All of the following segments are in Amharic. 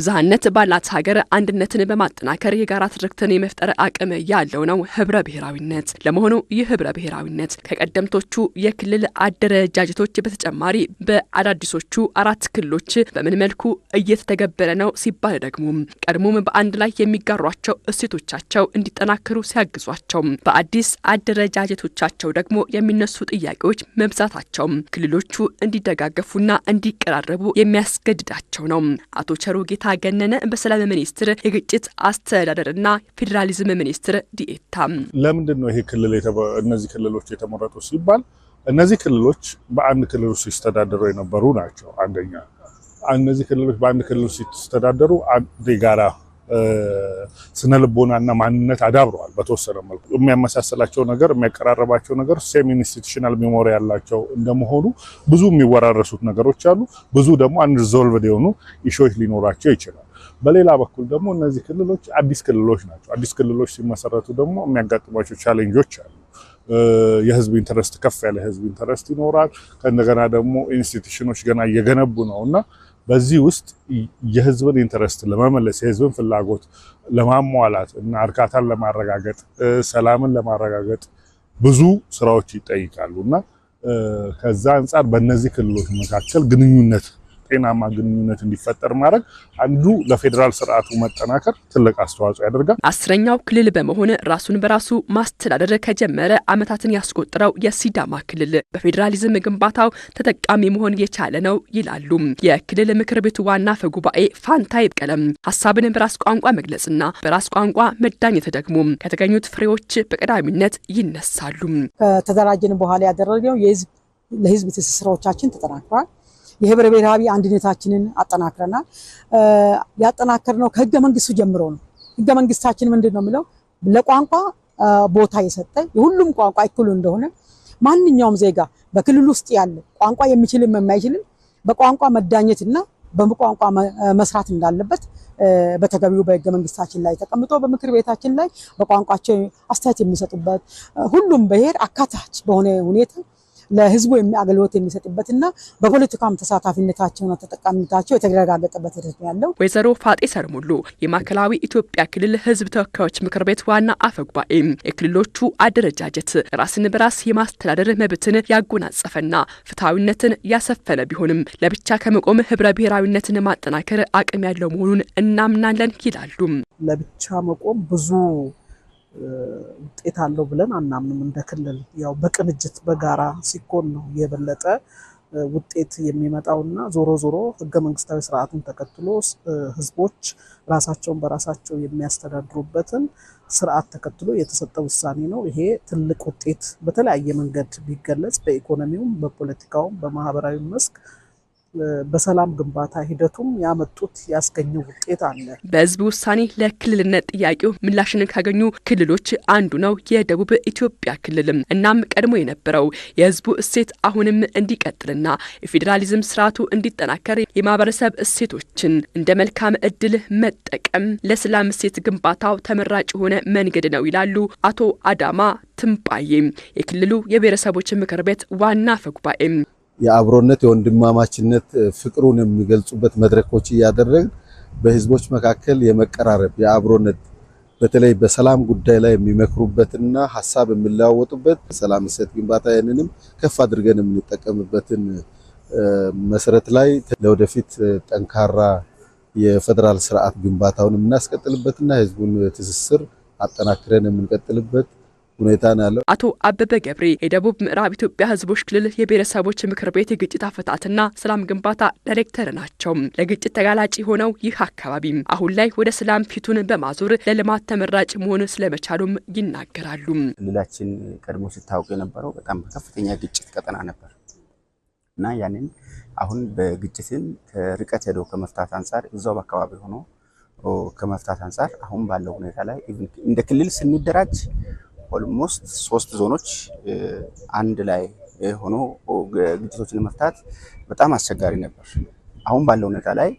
ብዝሃነት ባላት ሀገር አንድነትን በማጠናከር የጋራ ትርክትን የመፍጠር አቅም ያለው ነው ህብረ ብሔራዊነት። ለመሆኑ ይህ ህብረ ብሔራዊነት ከቀደምቶቹ የክልል አደረጃጀቶች በተጨማሪ በአዳዲሶቹ አራት ክልሎች በምን መልኩ እየተተገበረ ነው ሲባል ደግሞ ቀድሞም በአንድ ላይ የሚጋሯቸው እሴቶቻቸው እንዲጠናከሩ ሲያግዟቸው፣ በአዲስ አደረጃጀቶቻቸው ደግሞ የሚነሱ ጥያቄዎች መብዛታቸው ክልሎቹ እንዲደጋገፉና እንዲቀራረቡ የሚያስገድዳቸው ነው። አቶ ቸሩ ጌታ ገነነ በሰላም ሚኒስትር የግጭት አስተዳደርና ፌዴራሊዝም ሚኒስትር ዲኤታ ለምንድን ነው ይሄ ክልል እነዚህ ክልሎች የተመረጡ ሲባል እነዚህ ክልሎች በአንድ ክልል ውስጥ ሲስተዳደሩ የነበሩ ናቸው። አንደኛ እነዚህ ክልሎች በአንድ ክልል ሲስተዳደሩ የጋራ ስነ ልቦናና ማንነት አዳብረዋል። በተወሰነ መልኩ የሚያመሳሰላቸው ነገር የሚያቀራረባቸው ነገር ሴም ኢንስቲቱሽናል ሚሞሪ ያላቸው እንደመሆኑ ብዙ የሚወራረሱት ነገሮች አሉ። ብዙ ደግሞ አንድ ዞልቭድ የሆኑ ኢሾች ሊኖራቸው ይችላል። በሌላ በኩል ደግሞ እነዚህ ክልሎች አዲስ ክልሎች ናቸው። አዲስ ክልሎች ሲመሰረቱ ደግሞ የሚያጋጥሟቸው ቻሌንጆች አሉ። የህዝብ ኢንተረስት ከፍ ያለ ህዝብ ኢንተረስት ይኖራል። ከእንደገና ደግሞ ኢንስቲቱሽኖች ገና እየገነቡ ነው እና በዚህ ውስጥ የህዝብን ኢንተረስት ለመመለስ የህዝብን ፍላጎት ለማሟላት እና እርካታን ለማረጋገጥ ሰላምን ለማረጋገጥ ብዙ ስራዎች ይጠይቃሉ እና ከዛ አንጻር በእነዚህ ክልሎች መካከል ግንኙነት ጤናማ ግንኙነት እንዲፈጠር ማድረግ አንዱ ለፌዴራል ስርዓቱ መጠናከር ትልቅ አስተዋጽኦ ያደርጋል። አስረኛው ክልል በመሆን ራሱን በራሱ ማስተዳደር ከጀመረ ዓመታትን ያስቆጠረው የሲዳማ ክልል በፌዴራሊዝም ግንባታው ተጠቃሚ መሆን የቻለ ነው ይላሉ የክልል ምክር ቤቱ ዋና አፈ ጉባኤ ፋንታይ በቀለም። ሀሳብን በራስ ቋንቋ መግለጽና በራስ ቋንቋ መዳኘት ደግሞ ከተገኙት ፍሬዎች በቀዳሚነት ይነሳሉ። ከተደራጀን በኋላ ያደረገው የህዝብ ለህዝብ ትስስሮቻችን ተጠናክሯል። የህብረ ብሔራዊ አንድነታችንን አጠናክረናል። ያጠናከርነው ከህገ መንግስቱ ጀምሮ ነው። ህገ መንግስታችን ምንድን ነው የሚለው ለቋንቋ ቦታ የሰጠ የሁሉም ቋንቋ እኩል እንደሆነ ማንኛውም ዜጋ በክልል ውስጥ ያለ ቋንቋ የሚችልም የማይችልም በቋንቋ መዳኘትና በቋንቋ መስራት እንዳለበት በተገቢው በህገ መንግስታችን ላይ ተቀምጦ በምክር ቤታችን ላይ በቋንቋቸው አስተያየት የሚሰጡበት ሁሉም ብሔር አካታች በሆነ ሁኔታ ለህዝቡ አገልግሎት የሚሰጥበትና በፖለቲካም ተሳታፊነታቸውና ተጠቃሚነታቸው የተረጋገጠበት ሂደት ያለው። ወይዘሮ ፋጤ ሰርሙሉ የማዕከላዊ ኢትዮጵያ ክልል ህዝብ ተወካዮች ምክር ቤት ዋና አፈ ጉባኤ የክልሎቹ አደረጃጀት ራስን በራስ የማስተዳደር መብትን ያጎናጸፈና ፍትሐዊነትን ያሰፈነ ቢሆንም ለብቻ ከመቆም ህብረ ብሔራዊነትን ማጠናከር አቅም ያለው መሆኑን እናምናለን ይላሉ። ለብቻ መቆም ብዙ ውጤት አለው ብለን አናምንም። እንደ ክልል ያው በቅንጅት በጋራ ሲኮን ነው የበለጠ ውጤት እና ዞሮ ዞሮ ህገ መንግስታዊ ስርዓቱን ተከትሎ ህዝቦች ራሳቸውን በራሳቸው የሚያስተዳድሩበትን ስርዓት ተከትሎ የተሰጠ ውሳኔ ነው። ይሄ ትልቅ ውጤት በተለያየ መንገድ ቢገለጽ በኢኮኖሚውም፣ በፖለቲካውም፣ በማህበራዊ መስክ በሰላም ግንባታ ሂደቱም ያመጡት ያስገኘው ውጤት አለ። በህዝብ ውሳኔ ለክልልነት ጥያቄው ምላሽን ካገኙ ክልሎች አንዱ ነው የደቡብ ኢትዮጵያ ክልልም። እናም ቀድሞ የነበረው የህዝቡ እሴት አሁንም እንዲቀጥልና የፌዴራሊዝም ስርዓቱ እንዲጠናከር የማህበረሰብ እሴቶችን እንደ መልካም እድል መጠቀም ለሰላም እሴት ግንባታው ተመራጭ የሆነ መንገድ ነው ይላሉ አቶ አዳማ ትምጳዬ የክልሉ የብሔረሰቦች ምክር ቤት ዋና አፈ የአብሮነት የወንድማማችነት ፍቅሩን የሚገልጹበት መድረኮች እያደረግን በህዝቦች መካከል የመቀራረብ የአብሮነት በተለይ በሰላም ጉዳይ ላይ የሚመክሩበትና ሀሳብ የሚለዋወጡበት ሰላም እሴት ግንባታ ያንንም ከፍ አድርገን የምንጠቀምበትን መሰረት ላይ ለወደፊት ጠንካራ የፌዴራል ስርዓት ግንባታውን የምናስቀጥልበትና ህዝቡን ትስስር አጠናክረን የምንቀጥልበት ሁኔታ ነው ያለው። አቶ አበበ ገብሬ የደቡብ ምዕራብ ኢትዮጵያ ህዝቦች ክልል የብሔረሰቦች ምክር ቤት የግጭት አፈታትና ሰላም ግንባታ ዳይሬክተር ናቸው። ለግጭት ተጋላጭ የሆነው ይህ አካባቢ አሁን ላይ ወደ ሰላም ፊቱን በማዞር ለልማት ተመራጭ መሆን ስለመቻሉም ይናገራሉ። ክልላችን ቀድሞ ሲታወቅ የነበረው በጣም በከፍተኛ ግጭት ቀጠና ነበር እና ያንን አሁን በግጭትን ከርቀት ሄዶ ከመፍታት አንጻር እዛው አካባቢ ሆኖ ከመፍታት አንጻር አሁን ባለው ሁኔታ ላይ እንደ ክልል ስንደራጅ ኦልሞስት ሶስት ዞኖች አንድ ላይ ሆኖ ግጭቶችን ለመፍታት በጣም አስቸጋሪ ነበር። አሁን ባለው ሁኔታ ላይ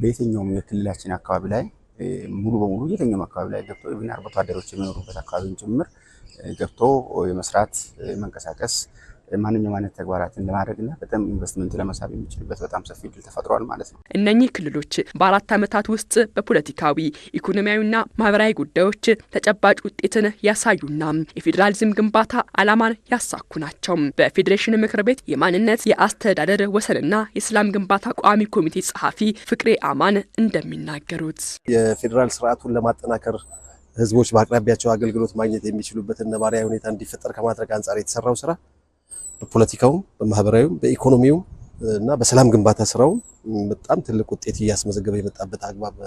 በየትኛውም የክልላችን አካባቢ ላይ ሙሉ በሙሉ የትኛውም አካባቢ ላይ ገብቶ አርብቶ አደሮች የሚኖሩበት አካባቢን ጭምር ገብቶ የመስራት መንቀሳቀስ ማንኛውም አይነት ተግባራትን ለማድረግና በጣም ኢንቨስትመንት ለመሳብ የሚችልበት በጣም ሰፊ እድል ተፈጥሯል ማለት ነው። እነኚህ ክልሎች በአራት ዓመታት ውስጥ በፖለቲካዊ ኢኮኖሚያዊና ማህበራዊ ጉዳዮች ተጨባጭ ውጤትን ያሳዩና የፌዴራሊዝም ግንባታ ዓላማን ያሳኩ ናቸው። በፌዴሬሽን ምክር ቤት የማንነት የአስተዳደር ወሰንና የሰላም ግንባታ ቋሚ ኮሚቴ ጸሐፊ ፍቅሬ አማን እንደሚናገሩት የፌዴራል ስርዓቱን ለማጠናከር ህዝቦች በአቅራቢያቸው አገልግሎት ማግኘት የሚችሉበትን ነባራዊ ሁኔታ እንዲፈጠር ከማድረግ አንጻር የተሰራው ስራ በፖለቲካውም በማህበራዊም በኢኮኖሚውም እና በሰላም ግንባታ ስራውም በጣም ትልቅ ውጤት እያስመዘገበ የመጣበት አግባብ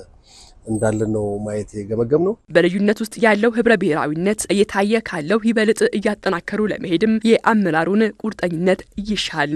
እንዳለ ነው ማየት የገመገም ነው። በልዩነት ውስጥ ያለው ህብረ ብሔራዊነት እየታየ ካለው ይበልጥ እያጠናከሩ ለመሄድም የአመራሩን ቁርጠኝነት ይሻል።